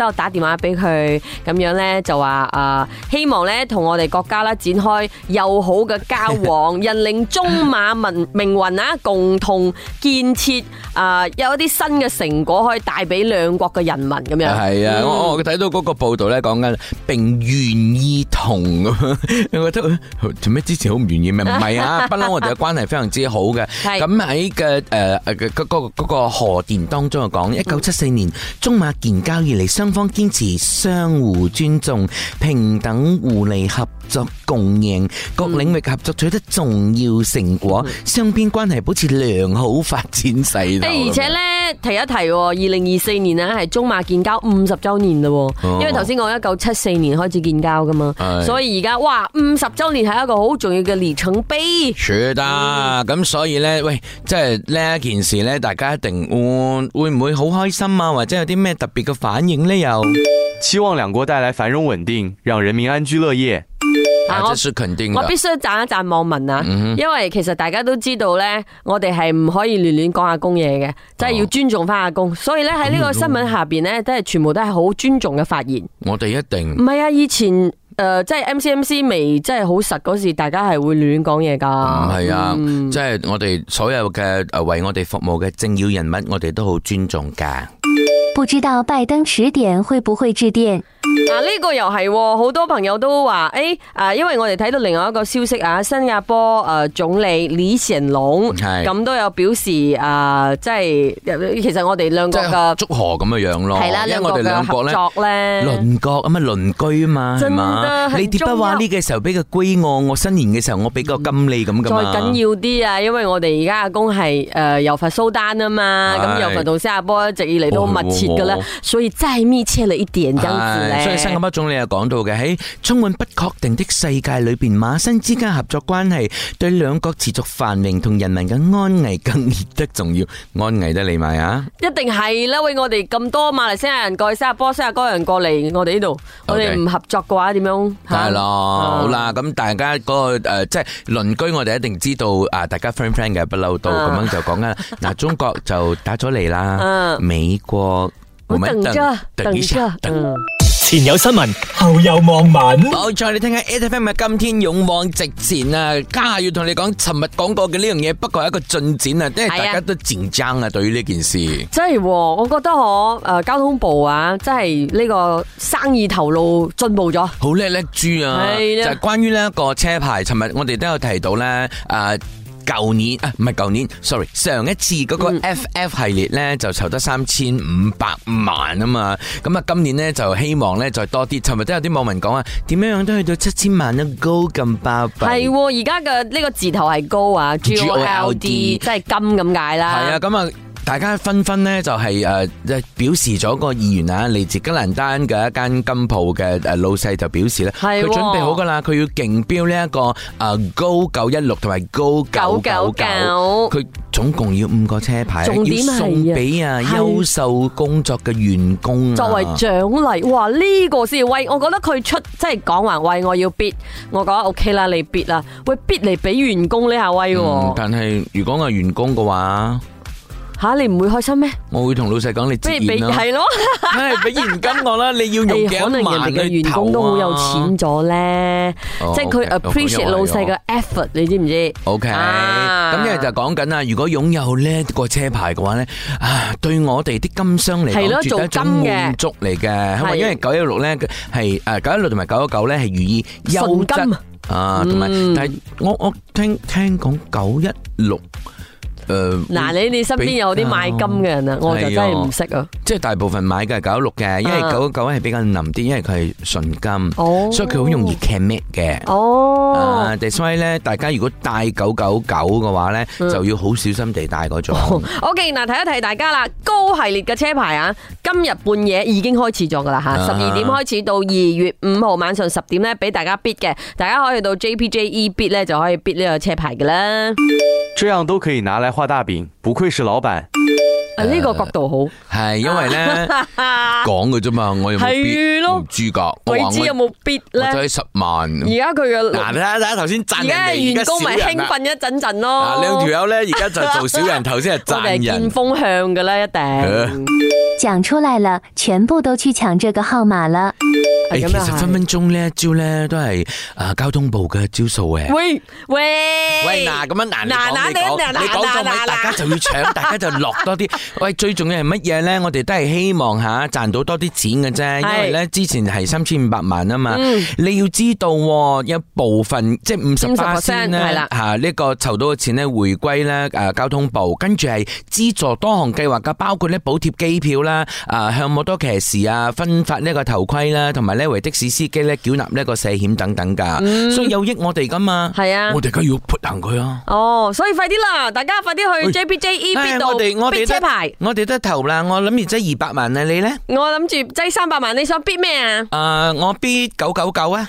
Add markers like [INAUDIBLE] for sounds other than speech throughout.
都打電話俾佢，咁樣咧就話啊，希望咧同我哋國家咧展開友好嘅交往，引領中馬民命運啊，共同建設啊，有一啲新嘅成果可以帶俾兩國嘅人民咁樣。係啊，我我睇到嗰個報道咧講緊，並願意同咁樣，你覺得做咩之前好唔願意咩？唔係啊，不嬲我哋嘅關係非常之好嘅。咁喺嘅誒誒嗰嗰嗰個賀電當中啊，講一九七四年中馬建交以嚟生。雙方堅持相互尊重、平等互利、合作共贏，各領域合作取得重要成果，雙邊、嗯、關係保持良好發展勢頭。誒，而且咧提一提、哦，二零二四年啊，係中馬建交五十周年嘞，哦、因為頭先講一九七四年開始建交噶嘛，是所以而家哇，五十周年係一個好重要嘅里程碑，得咁，嗯嗯、所以咧，喂，即係呢一件事咧，大家一定、哦、會會唔會好開心啊，或者有啲咩特別嘅反應咧？有期望兩國帶來繁榮穩定，讓人民安居樂業。啊，這是肯定。我必須讚一讚網民啊，嗯、哼因為其實大家都知道咧，我哋係唔可以亂亂講阿公嘢嘅，即係、哦、要尊重翻阿公。所以咧喺呢個新聞下邊咧，都係、嗯、哼全部都係好尊重嘅發言。我哋一定唔係啊！以前誒，即、呃、係、就是、M C M C 未真係好實嗰時，大家係會亂講嘢噶。唔係、嗯、啊，即係、嗯、我哋所有嘅誒為我哋服務嘅政要人物，我哋都好尊重噶。不知道拜登遲點會不會致電？嗱，呢個又係好多朋友都話誒，啊，因為我哋睇到另外一個消息啊，新加坡誒總理李顯龍咁都有表示啊，即係其實我哋兩個嘅祝賀咁嘅樣咯，係啦，我哋兩個合作咧鄰國咁嘛，鄰居嘛係嘛，你點解話呢個時候俾佢歸我，我新年嘅時候我俾個金利咁噶嘛？再緊要啲啊，因為我哋而家阿公係誒柔佛蘇丹啊嘛，咁柔佛同新加坡一直以嚟都密切噶啦，所以再密切一點，所以新加坡總理又講到嘅喺充滿不確定的世界裏邊，馬新之間合作關係對兩國持續繁榮同人民嘅安危更熱的重要，安危得嚟埋啊！一定係啦，喂！我哋咁多馬來西亞人過去新加坡，新加坡人過嚟我哋呢度，我哋唔合作嘅話點樣？係咯，好啦，咁大家嗰個誒，即係鄰居，我哋一定知道啊！大家 friend friend 嘅不嬲到，咁樣就講緊啦。嗱，中國就打咗嚟啦，美國我等着，等一下，嗯。前有新聞，後有網民。冇錯，你聽下 ATM 嘅今天勇往直前啊！家下要同你講，尋日講過嘅呢樣嘢，不過係一個進展啊，即、啊、為大家都競爭啊，對於呢件事。真係、哦，我覺得我誒、呃、交通部啊，真係呢個生意頭腦進步咗，好叻叻豬啊！啊就係關於呢一個車牌，尋日我哋都有提到咧誒。呃舊年啊，唔係舊年，sorry，上一次嗰個 FF 系列咧就籌得三千五百萬啊嘛，咁啊今年咧就希望咧再多啲，尋日都有啲網民講啊，點樣樣都去到七千萬都高咁八百，係、哦，而家嘅呢個字頭係高啊 G、O、L、D，G、O、L、D 即係金咁解啦，係啊，咁啊。大家紛紛咧就係誒表示咗個議員啊，嚟自吉蘭丹嘅一間金鋪嘅誒老細就表示咧，佢準備好噶啦，佢要競標呢一個誒高九一六同埋高九九九，佢總共要五個車牌，重點係要送俾啊優秀工作嘅員工作為獎勵。哇，呢個先威！我覺得佢出即係講話喂，我要別，我覺得 O K 啦，你別啦，喂，別嚟俾員工呢下威。但係如果我係員工嘅話。吓，你唔會開心咩？我會同老細講你自願啦。不如俾係咯，俾現金我啦。你要用幾萬去投我。你可能人哋嘅員工都好有錢咗咧，即係佢 appreciate 老細嘅 effort，你知唔知？OK，咁一係就講緊啦。如果擁有呢個車牌嘅話咧，啊，對我哋啲金商嚟講，絕對係滿足嚟嘅。係因為九一六咧係誒九一六同埋九一九咧係寓意優質啊，同埋但係我我聽聽講九一六。誒，嗱你你身邊有啲買金嘅人啊，我就真係唔識啊。即係大部分買嘅係九一六嘅，因為九九九係比較腍啲，因為佢係純金，所以佢好容易 can make 嘅。哦，啊，所以咧，大家如果帶九九九嘅話咧，就要好小心地帶嗰種。OK，嗱提一提大家啦，高系列嘅車牌啊，今日半夜已經開始咗噶啦吓，十二點開始到二月五號晚上十點咧，俾大家 bid 嘅，大家可以到 JPJE bid 咧就可以 bid 呢個車牌嘅啦。這樣都可以拿來換。畫大餅，不愧是老闆。啊，呢個角度好、呃，係因為咧講嘅啫嘛，我又唔係咯，主角，鬼知有冇必要？我萬而家佢嘅嗱，睇下睇下頭先賺嘅嘢，而家員工咪興奮一陣陣咯。嗱，兩條友咧，而家就做小人，頭先係賺人見風向噶啦，一定講出來了，全部都去搶這個號碼啦。誒，其實分分鐘咧一招咧都係誒交通部嘅招數嘅。喂喂喂，嗱咁樣難講嚟講，你講咗咪大家就要搶，大家就落多啲。喂，最重要係乜嘢咧？我哋都係希望吓賺到多啲錢嘅啫，因為咧之前係三千五百萬啊嘛，你要。知道一部分即係五十 percent 啦，吓呢個籌到嘅錢咧回歸咧誒交通部，跟住係資助多項計劃噶，包括咧補貼機票啦，誒向好多騎士啊分發呢個頭盔啦，同埋咧為的士司機咧繳納呢個社險等等噶，所以有益我哋噶嘛。係啊，我哋梗要撥硬佢啊。哦，所以快啲啦，大家快啲去 JPJ eBid 車牌。我哋得頭啦，我諗住擠二百萬啊，你咧？我諗住擠三百萬，你想 bid 咩啊？誒，我 bid 九九九啊。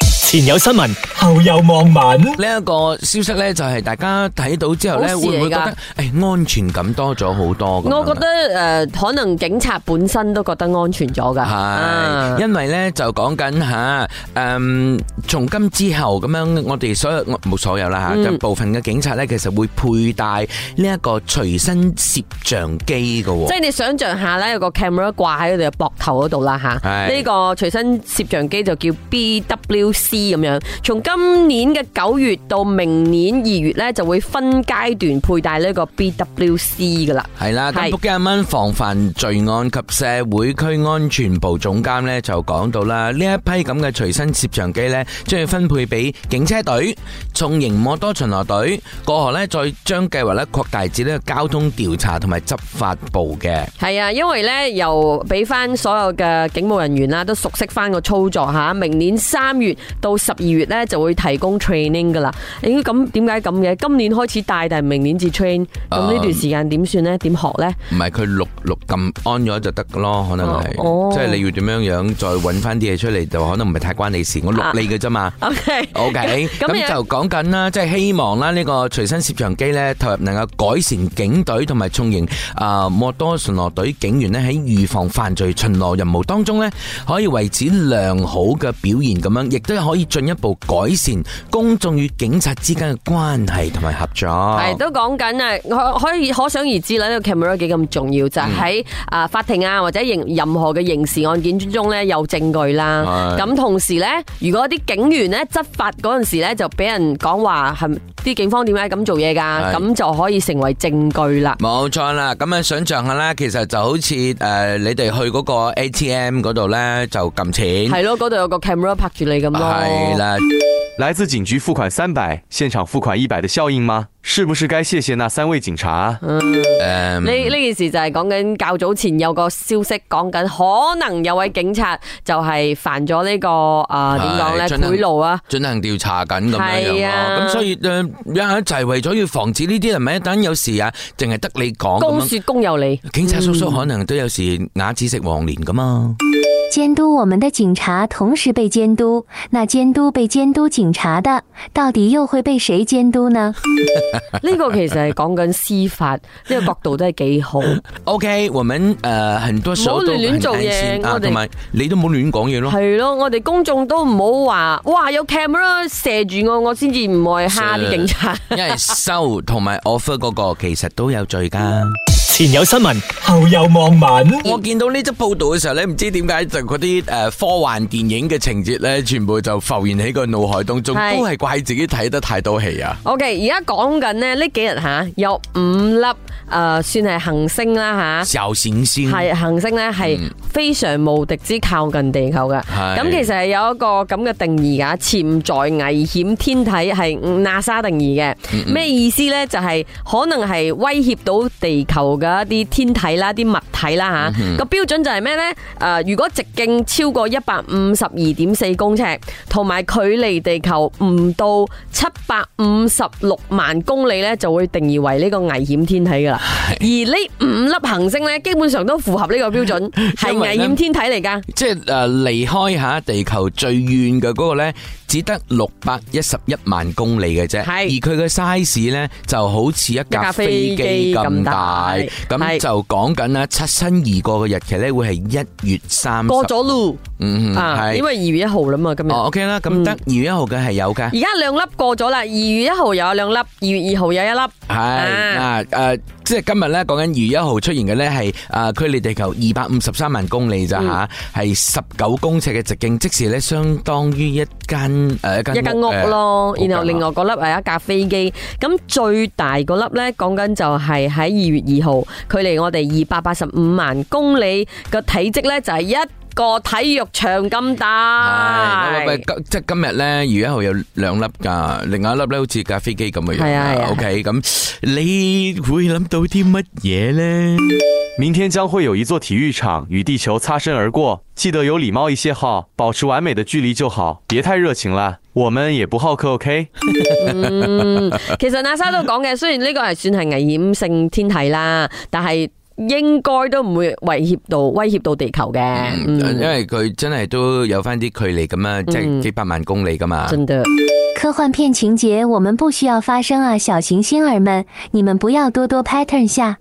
前有新聞，後有網民，呢一個消息咧，就係大家睇到之後咧，會唔會覺得誒安全感多咗好多？我覺得誒，可能警察本身都覺得安全咗噶。係，因為咧就講緊吓，誒，從今之後咁樣，我哋所有冇所有啦吓，就部分嘅警察咧，其實會佩戴呢一個隨身攝像機噶。即係你想象下咧，有個 camera 掛喺佢哋嘅膊頭嗰度啦吓。呢個隨身攝像機就叫 BWC。咁樣，從今年嘅九月到明年二月咧，就會分階段佩戴呢個 BWC 噶啦。係啦，福建百蚊防範罪案及社會區安全部總監咧就講到啦，呢一批咁嘅隨身攝像機咧，將要分配俾警車隊、重型摩多巡邏隊過河咧，再將計劃咧擴大至呢個交通調查同埋執法部嘅。係啊，因為咧由俾翻所有嘅警務人員啦，都熟悉翻個操作吓。明年三月。到十二月咧就會提供 training 噶啦。誒咁點解咁嘅？今年開始帶但係明年至 train。咁呢段時間點算咧？點、uh, 學咧？唔係佢錄錄咁安咗就得咯，可能係哦。Uh, oh. 即係你要點樣樣再揾翻啲嘢出嚟，就可能唔係太關你事。我錄你嘅啫嘛。O K。O K。咁就講緊啦，即係希望啦，呢個隨身攝像機咧，投入能夠改善警隊同埋重型啊，摩多巡邏隊警員咧喺預防犯罪巡邏任務當中咧，可以維持良好嘅表現，咁樣亦都可以進一步改善公眾與警察之間嘅關係同埋合作。係都講緊啊，可可以可想而知啦。呢個 camera 幾咁重要，就係喺啊法庭啊或者任任何嘅刑事案件之中咧有證據啦。咁同時咧，如果啲警員咧執法嗰陣時咧就俾人講話係啲警方點解咁做嘢㗎，咁就可以成為證據啦。冇錯啦，咁樣想象下咧，其實就好似誒你哋去嗰個 ATM 嗰度咧就撳錢，係咯，嗰度有個 camera 拍住你咁咯。來來自警局付款三百，現場付款一百嘅效應嗎？是不是該謝謝那三位警察？呢呢、嗯 um，件事就係講緊較早前有個消息講緊，講可能有位警察就係犯咗呢個啊點講咧賄賂啊，進行調查緊咁、啊、樣樣、啊、咯。咁所以一齊、呃就是、為咗要防止呢啲係咪？等有時啊，淨係得你講，公說公有理，警察叔叔可能都有時啞子食黃連㗎嘛。嗯監督我們的警察，同時被監督，那監督被監督警察的，到底又會被誰監督呢？呢 [LAUGHS] 個其實係講緊司法呢、呢個角度都係幾好。 [LAUGHS] OK，我們誒、呃，很多時候都唔好亂做嘢，同埋、啊、們你都唔好亂講嘢咯。係咯，我哋公眾都唔好話，哇有 camera 射住我，我先至唔會嚇啲警察。 [LAUGHS] 因為收同埋 offer 嗰個其實都有罪噶。前有新聞，後有網民。我見到呢則報道嘅時候咧，唔知點解就啲誒科幻電影嘅情節咧，全部就浮現喺個腦海當中。都係怪自己睇得太多戲啊！OK，而家講緊咧呢幾日吓有五粒誒、呃，算係行星啦吓。稍閃星係行星咧，係非常無敵之靠近地球嘅。係咁是，其實係有一個咁嘅定義噶，潛在危險天體係 NASA 定義嘅。咩、嗯嗯、意思咧？就係、是、可能係威脅到地球嘅。一啲天體啦，啲物體啦吓，個、嗯、哼標準就係咩呢？誒，如果直徑超過一百五十二點四公尺，同埋距離地球唔到七百五十六萬公里呢，就會定義為呢個危險天體噶啦。是而呢五粒行星呢，基本上都符合呢個標準，係危險天體嚟噶。即係誒，離開吓地球最遠嘅嗰個呢，只得六百一十一萬公里嘅啫。是而佢嘅 size 呢，就好似一架飛機咁大。咁就講緊啦，擦身而過嘅日期咧，會係一月三過咗咯。嗯，係，因為二月一號啦嘛，今日哦，OK 啦，咁得二月一號梗係有㗎。而家兩粒過咗啦，二月一號又有兩粒，二月二號有一粒。係啊，誒，即係今日咧，講緊二月一號出現嘅咧，係誒，距離地球二百五十三萬公里咋吓，係十九公尺嘅直徑，即時咧相當於一間誒一間屋咯。然後另外嗰粒係一架飛機，咁最大嗰粒咧，講緊就係喺二月二號。距離我哋二百八十五萬公里個體積咧，就係一個體育場咁大。即係 [MUSIC] 今日咧，而家佢有兩粒噶，另外一粒咧好似架飛機咁嘅樣。係啊，OK，咁你會諗到啲乜嘢咧？明天將會有一座體育場與地球擦身而過，記得有禮貌一些號，保持完美的距離就好，別太熱情了，我們也不好客，OK？ [LAUGHS] 嗯、其實 NASA 都講嘅，雖然呢個係算係危險性天體啦，但係應該都唔會威脅到威脅到地球嘅，嗯嗯、因為佢真係都有翻啲距離咁啊，即、就、係、是、幾百萬公里噶嘛，嗯，真的科幻片情節，我們不需要發生啊！小行星兒們，你們不要多多 pattern 下，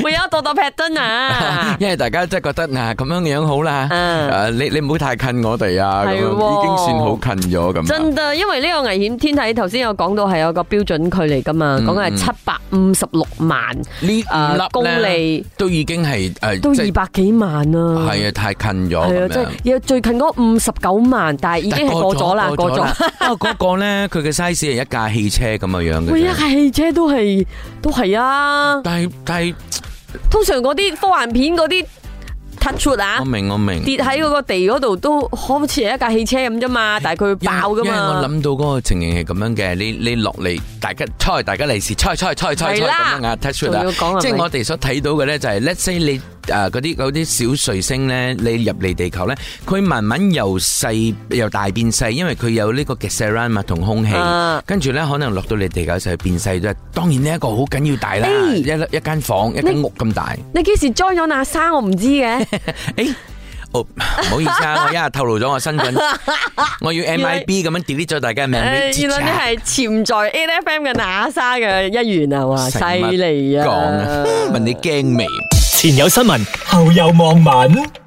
不要多多 pattern 啊！因為大家真係覺得嗱咁樣樣好啦，誒你你唔好太近我哋啊，已經算好近咗咁。真的，因為呢個危險天體頭先有講到係有個標準距離噶嘛，講係七百五十六萬呢誒公里都已經係誒都二百幾萬啊，係啊太近咗，係啊即係有最近嗰五十九萬，但係已經係過咗啦， [LAUGHS] 哦，嗰、那個咧，佢嘅 size 係一架汽車咁嘅樣嘅，喂一架汽車都係都係啊！但係但係，通常嗰啲科幻片嗰啲 touch wood 啊，我明我明，跌喺嗰個地嗰度都好似係一架汽車咁啫、嗯、嘛，但係佢爆噶嘛。因為我諗到嗰個情形係咁樣嘅，你你落嚟，大家猜，大家嚟時出猜猜猜猜咁樣啊 t o 即係我哋所睇到嘅咧、就是，就係 let's say 你。誒，嗰啲嗰啲小彗星咧，你入嚟地球咧，佢慢慢由細由大變細，因為佢有呢個 surrounding 嘛同空氣，跟住咧可能落到你地球就變細咗。當然呢一個好緊要大啦，一一間房一間屋咁大。你幾時 join 咗那沙？我唔知嘅。誒，唔好意思啊，我一下透露咗我身份，我要 MIB 咁樣 delete 咗大家嘅 name。原來你係潛在 AFM 嘅那沙嘅一員啊！哇，犀利啊！講啊，問你驚未？前有新聞，後有網民。